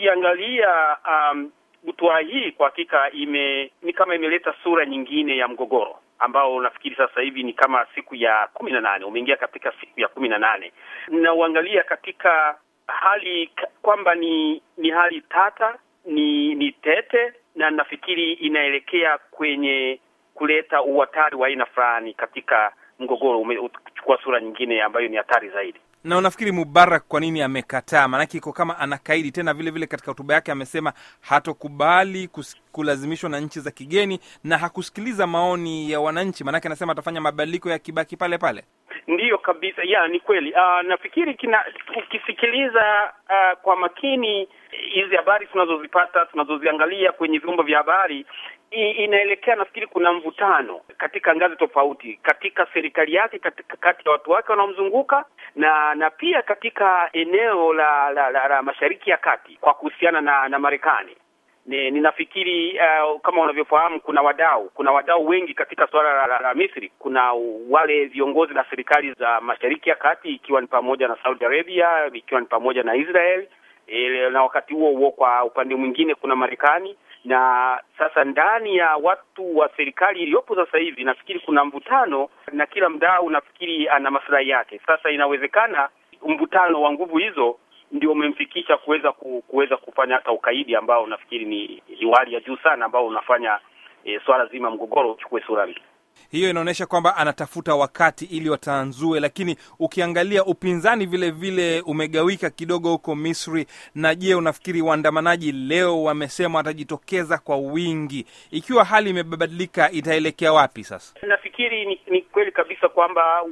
ukiangalia um, butwaa hii kwa hakika ime- ni kama imeleta sura nyingine ya mgogoro ambao nafikiri sasa hivi ni kama siku ya kumi na nane umeingia katika siku ya kumi na nane na uangalia katika hali kwamba ni ni hali tata, ni ni tete, na nafikiri inaelekea kwenye kuleta uhatari wa aina fulani katika mgogoro, umechukua sura nyingine ambayo ni hatari zaidi. Na unafikiri Mubarak kwa nini amekataa? Maanake iko kama anakaidi tena. Vile vile katika hotuba yake amesema hatokubali kulazimishwa na nchi za kigeni na hakusikiliza maoni ya wananchi, maanake anasema atafanya mabadiliko ya kibaki pale pale. Ndiyo kabisa, ya ni kweli. Uh, nafikiri kina, ukisikiliza uh, kwa makini hizi habari tunazozipata tunazoziangalia kwenye vyombo vya habari inaelekea nafikiri kuna mvutano katika ngazi tofauti, katika serikali yake, kati ya watu wake wanaomzunguka, na na pia katika eneo la la, la, la Mashariki ya Kati kwa kuhusiana na, na Marekani. ninafikiri uh, kama unavyofahamu kuna wadau kuna wadau wengi katika suala la, la, la Misri. Kuna wale viongozi na serikali za Mashariki ya Kati ikiwa ni pamoja na Saudi Arabia ikiwa ni pamoja na Israel, eh, na wakati huo huo kwa upande mwingine kuna Marekani na sasa ndani ya watu wa serikali iliyopo sasa hivi nafikiri kuna mvutano, na kila mdau nafikiri ana masilahi yake. Sasa inawezekana mvutano wa nguvu hizo ndio umemfikisha kuweza kuweza kufanya hata ukaidi ambao nafikiri ni hali ya juu sana, ambao unafanya e, swala zima mgogoro uchukue sura mpya. Hiyo inaonyesha kwamba anatafuta wakati ili watanzue, lakini ukiangalia upinzani vile vile umegawika kidogo huko Misri. Na je, unafikiri waandamanaji leo wamesema watajitokeza kwa wingi? Ikiwa hali imebadilika, itaelekea wapi sasa? Nafikiri ni, ni kweli kabisa kwamba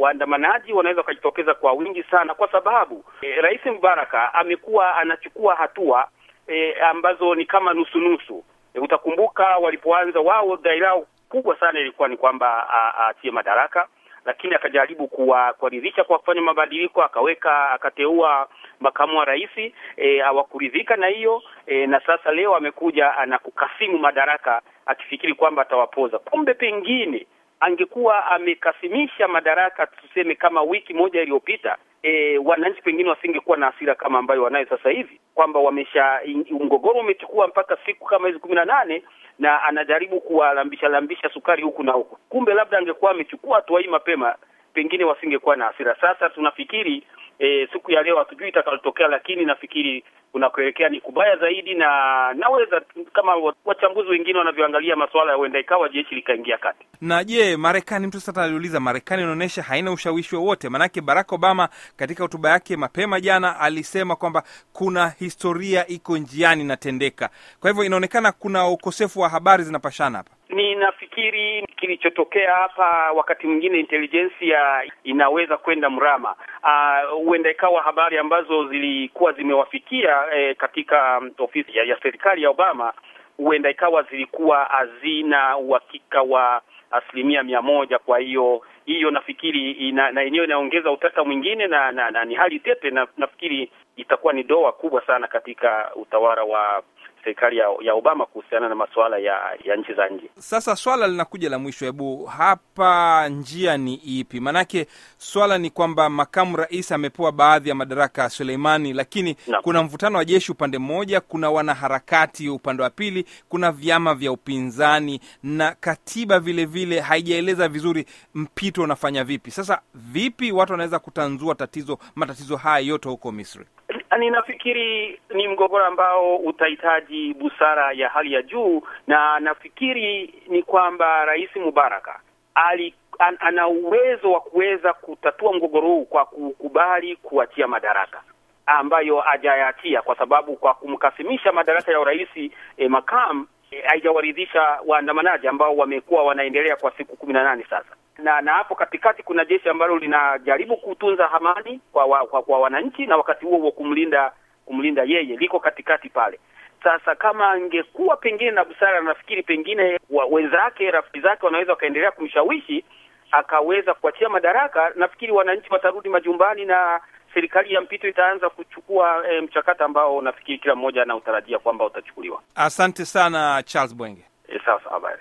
waandamanaji wa, wa, wa wanaweza wakajitokeza kwa wingi sana, kwa sababu eh, Rais Mubaraka amekuwa anachukua hatua eh, ambazo ni kama nusu nusu. Eh, utakumbuka walipoanza wao dai lao kubwa sana ilikuwa ni kwamba aachie madaraka, lakini akajaribu kuwaridhisha kwa kufanya mabadiliko, akaweka akateua makamu wa rais e, hawakuridhika na hiyo e, na sasa leo amekuja anakukasimu madaraka akifikiri kwamba atawapoza, kumbe pengine angekuwa amekasimisha madaraka tuseme kama wiki moja iliyopita, e, wananchi pengine wasingekuwa na hasira kama ambayo wanayo sasa hivi, kwamba wamesha mgogoro umechukua mpaka siku kama hizi kumi na nane na anajaribu kuwalambisha lambisha sukari huku na huku. Kumbe labda angekuwa amechukua hatua hii mapema, pengine wasingekuwa na hasira. Sasa tunafikiri e, siku ya leo hatujui itakalotokea, lakini nafikiri unakuelekea ni kubaya zaidi, na naweza kama wachambuzi wengine wanavyoangalia masuala ya huenda ikawa jeshi likaingia kati. Na je, Marekani, mtu sasa aliuliza, Marekani inaonyesha haina ushawishi wowote? Maanake Barack Obama katika hotuba yake mapema jana alisema kwamba kuna historia iko njiani inatendeka. Kwa hivyo inaonekana kuna ukosefu wa habari zinapashana hapa ninafikiri kilichotokea hapa, wakati mwingine intelijensia inaweza kwenda mrama. Ah, huenda uh, ikawa habari ambazo zilikuwa zimewafikia eh, katika mm, ofisi ya, ya serikali ya Obama huenda ikawa zilikuwa hazina uhakika wa asilimia mia moja. Kwa hiyo hiyo nafikiri ina, na yenyewe inaongeza utata mwingine na, na, na ni hali tete na, nafikiri itakuwa ni doa kubwa sana katika utawala wa serikali ya, ya Obama kuhusiana na masuala ya, ya nchi za nje. Sasa swala linakuja la mwisho, hebu hapa njia ni ipi? Maanake swala ni kwamba makamu rais amepewa baadhi ya madaraka Suleimani, lakini na, kuna mvutano wa jeshi upande mmoja, kuna wanaharakati upande wa pili, kuna vyama vya upinzani na katiba vile vile haijaeleza vizuri mpito unafanya vipi. Sasa vipi watu wanaweza kutanzua tatizo matatizo haya yote huko Misri? ninafikiri ni mgogoro ambao utahitaji busara ya hali ya juu, na nafikiri ni kwamba Rais Mubaraka ali an, ana uwezo wa kuweza kutatua mgogoro huu kwa kukubali kuachia madaraka ambayo hajayatia, kwa sababu kwa kumkasimisha madaraka ya urais eh, makamu e, haijawaridhisha eh, waandamanaji ambao wamekuwa wanaendelea kwa siku kumi na nane sasa na na hapo katikati kuna jeshi ambalo linajaribu kutunza amani kwa, wa, kwa, kwa wananchi na wakati huo huo kumlinda kumlinda yeye, liko katikati pale. Sasa kama angekuwa pengine na busara, nafikiri pengine wenzake, rafiki zake wanaweza wakaendelea kumshawishi akaweza kuachia madaraka. Nafikiri wananchi watarudi majumbani na serikali ya mpito itaanza kuchukua e, mchakato ambao nafikiri kila mmoja anautarajia kwamba utachukuliwa. Asante sana Charles Bwenge. E, sawa sawa, habari.